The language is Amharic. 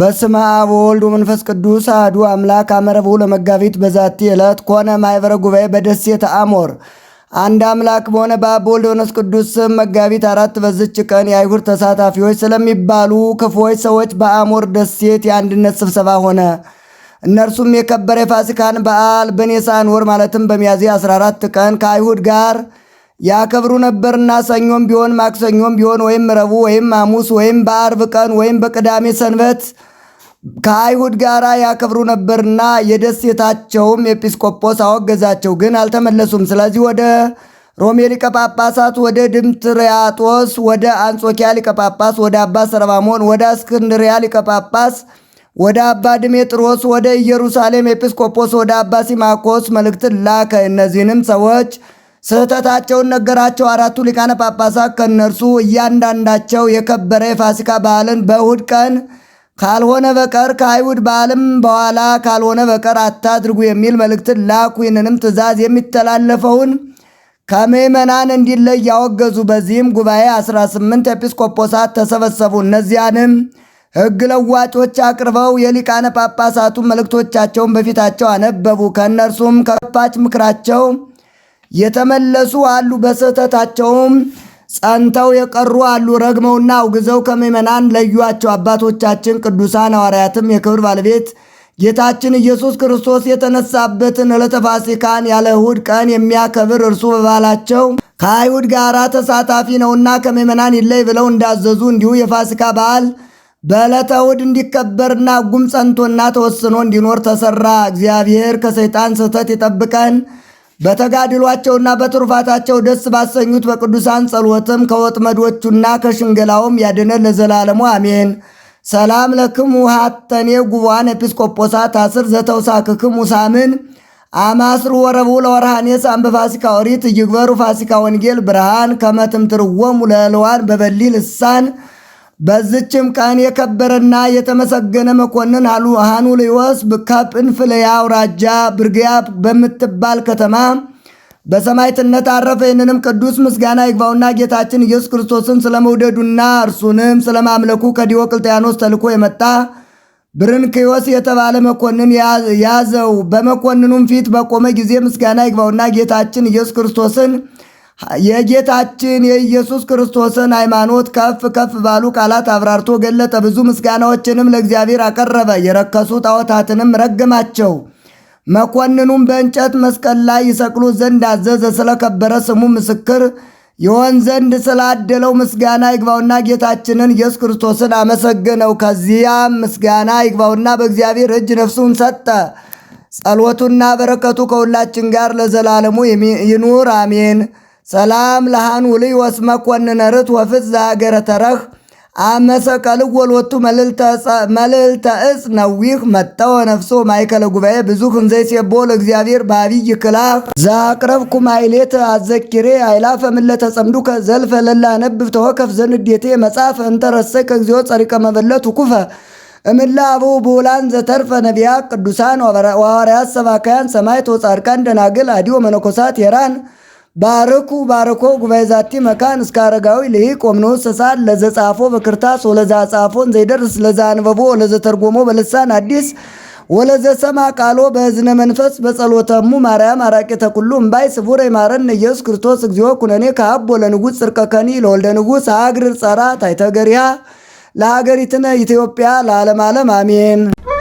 በስመ አብ ወወልድ ወመንፈስ ቅዱስ አሐዱ አምላክ አመረቡ ለመጋቢት በዛቲ ዕለት ኮነ ማኅበረ ጉባኤ በደሴተ አሞር። አንድ አምላክ በሆነ በአብ በወልድ በመንፈስ ቅዱስ ስም መጋቢት አራት በዝች ቀን የአይሁድ ተሳታፊዎች ስለሚባሉ ክፉዎች ሰዎች በአሞር ደሴት የአንድነት ስብሰባ ሆነ። እነርሱም የከበረ የፋሲካን በዓል በኔሳን ወር ማለትም በሚያዝያ 14 ቀን ከአይሁድ ጋር ያከብሩ ነበርና ሰኞም ቢሆን ማክሰኞም ቢሆን ወይም ረቡዕ ወይም ሐሙስ ወይም በአርብ ቀን ወይም በቅዳሜ ሰንበት ከአይሁድ ጋር ያከብሩ ነበርና የደሴታቸውም ኤጲስቆጶስ አወገዛቸው፣ ግን አልተመለሱም። ስለዚህ ወደ ሮሜ ሊቀ ጳጳሳት፣ ወደ ድምትሪያጦስ፣ ወደ አንጾኪያ ሊቀ ጳጳስ፣ ወደ አባ ሰረባሞን፣ ወደ እስክንድሪያ ሊቀ ጳጳስ፣ ወደ አባ ድሜጥሮስ፣ ወደ ኢየሩሳሌም ኤጲስቆጶስ፣ ወደ አባ ሲማኮስ መልእክትን ላከ። እነዚህንም ሰዎች ስህተታቸውን ነገራቸው። አራቱ ሊቃነ ጳጳሳት ከእነርሱ እያንዳንዳቸው የከበረ የፋሲካ በዓልን በእሁድ ቀን ካልሆነ በቀር ከአይሁድ በዓልም በኋላ ካልሆነ በቀር አታድርጉ የሚል መልእክትን ላኩ። ይህንንም ትእዛዝ የሚተላለፈውን ከምእመናን እንዲለይ ያወገዙ። በዚህም ጉባኤ 18 ኤጲስቆጶሳት ተሰበሰቡ። እነዚያንም ሕግ ለዋጮች አቅርበው የሊቃነ ጳጳሳቱን መልእክቶቻቸውን በፊታቸው አነበቡ። ከእነርሱም ከፋች ምክራቸው የተመለሱ አሉ። በስህተታቸውም ጸንተው የቀሩ አሉ። ረግመውና አውግዘው ከምዕመናን ለዩአቸው። አባቶቻችን ቅዱሳን ሐዋርያትም የክብር ባለቤት ጌታችን ኢየሱስ ክርስቶስ የተነሳበትን ዕለተ ፋሲካን ያለ እሁድ ቀን የሚያከብር እርሱ በባላቸው ከአይሁድ ጋር ተሳታፊ ነውና ከምዕመናን ይለይ ብለው እንዳዘዙ እንዲሁ የፋሲካ በዓል በዕለተ እሁድ እንዲከበርና ጉም ጸንቶና ተወስኖ እንዲኖር ተሰራ። እግዚአብሔር ከሰይጣን ስህተት ይጠብቀን። በተጋድሏቸውና በትሩፋታቸው ደስ ባሰኙት በቅዱሳን ጸሎትም ከወጥመዶቹና ከሽንገላውም ያድነን ለዘላለሙ አሜን። ሰላም ለክሙ ሀተኔ ጉቧን ኤጲስቆጶሳት አስር ዘተውሳክክም ሳምን አማስሩ ወረቡ ለወርሃኔስ አንበ ፋሲካ ኦሪት ይግበሩ ፋሲካ ወንጌል ብርሃን ከመትምትርወሙ ለእልዋን በበሊ ልሳን በዝችም ቀን የከበረና የተመሰገነ መኮንን አሉ ሃኑልዮስ ከጵንፍልያ አውራጃ ብርግያ በምትባል ከተማ በሰማይትነት አረፈ። ይህንንም ቅዱስ ምስጋና ይግባውና ጌታችን ኢየሱስ ክርስቶስን ስለመውደዱና እርሱንም ስለማምለኩ ከዲዮቅልጥያኖስ ተልኮ የመጣ ብርንክዮስ የተባለ መኮንን ያዘው። በመኮንኑም ፊት በቆመ ጊዜ ምስጋና ይግባውና ጌታችን ኢየሱስ ክርስቶስን የጌታችን የኢየሱስ ክርስቶስን ሃይማኖት ከፍ ከፍ ባሉ ቃላት አብራርቶ ገለጠ። ብዙ ምስጋናዎችንም ለእግዚአብሔር አቀረበ። የረከሱ ጣዖታትንም ረግማቸው። መኮንኑም በእንጨት መስቀል ላይ ይሰቅሉ ዘንድ አዘዘ። ስለከበረ ስሙ ምስክር የሆን ዘንድ ስላደለው ምስጋና ይግባውና ጌታችንን ኢየሱስ ክርስቶስን አመሰግነው። ከዚያም ምስጋና ይግባውና በእግዚአብሔር እጅ ነፍሱን ሰጠ። ጸሎቱና በረከቱ ከሁላችን ጋር ለዘላለሙ ይኑር አሜን። ሰላም ለሃንውልይ ወስመኮንን ርት ወፍት ዘሀገረ ተረህ አመሰቀል ወልወቱ መልዕልተ እጽ ነዊህ መጠወ ነፍሶ ማይከለ ጉባኤ ብዙ ክንዘይ ሴቦ እግዚአብሔር በአብይ ክላ ዘአቅረብኩ ማይሌት አዘኪሬ አይላፈ ምለተ ጸምዱከ ዘልፈ ለላ ነብብ ተወከፍ ዘንዴቴ መጽሐፍ እንተረሰከ እግዚኦ ጸሪቀ መበለቱ ኩፈ እምላ አበው ቦላን ዘተርፈ ነቢያት ቅዱሳን ወሐዋርያት ሰባካያን ሰማዕት ወጻድቃን ደናግል አዲዮ መነኮሳት የራን ባርኩ ባርኮ ጉባኤ ዛቲ መካን እስከ አረጋዊ ልሂቅ ወምንዑስ ሕፃን ለዘ ጻፎ በክርታስ ወለዛ ጻፎን ዘይደርስ ለዛ አንበቦ ወለዘ ተርጎሞ በልሳን አዲስ ወለዘ ሰማ ቃሎ በዝነ መንፈስ በጸሎተሙ ማርያም አራቂ ተኩሉ እምባይ ስቡረ ይማረን ኢየሱስ ክርስቶስ እግዚኦ ኩነኔ ከአብ ለንጉሥ ጽርቀከኒ ለወልደ ንጉሥ አግር ጸራ ታይተገሪያ ለሀገሪትነ ኢትዮጵያ ለዓለም ዓለም አሜን።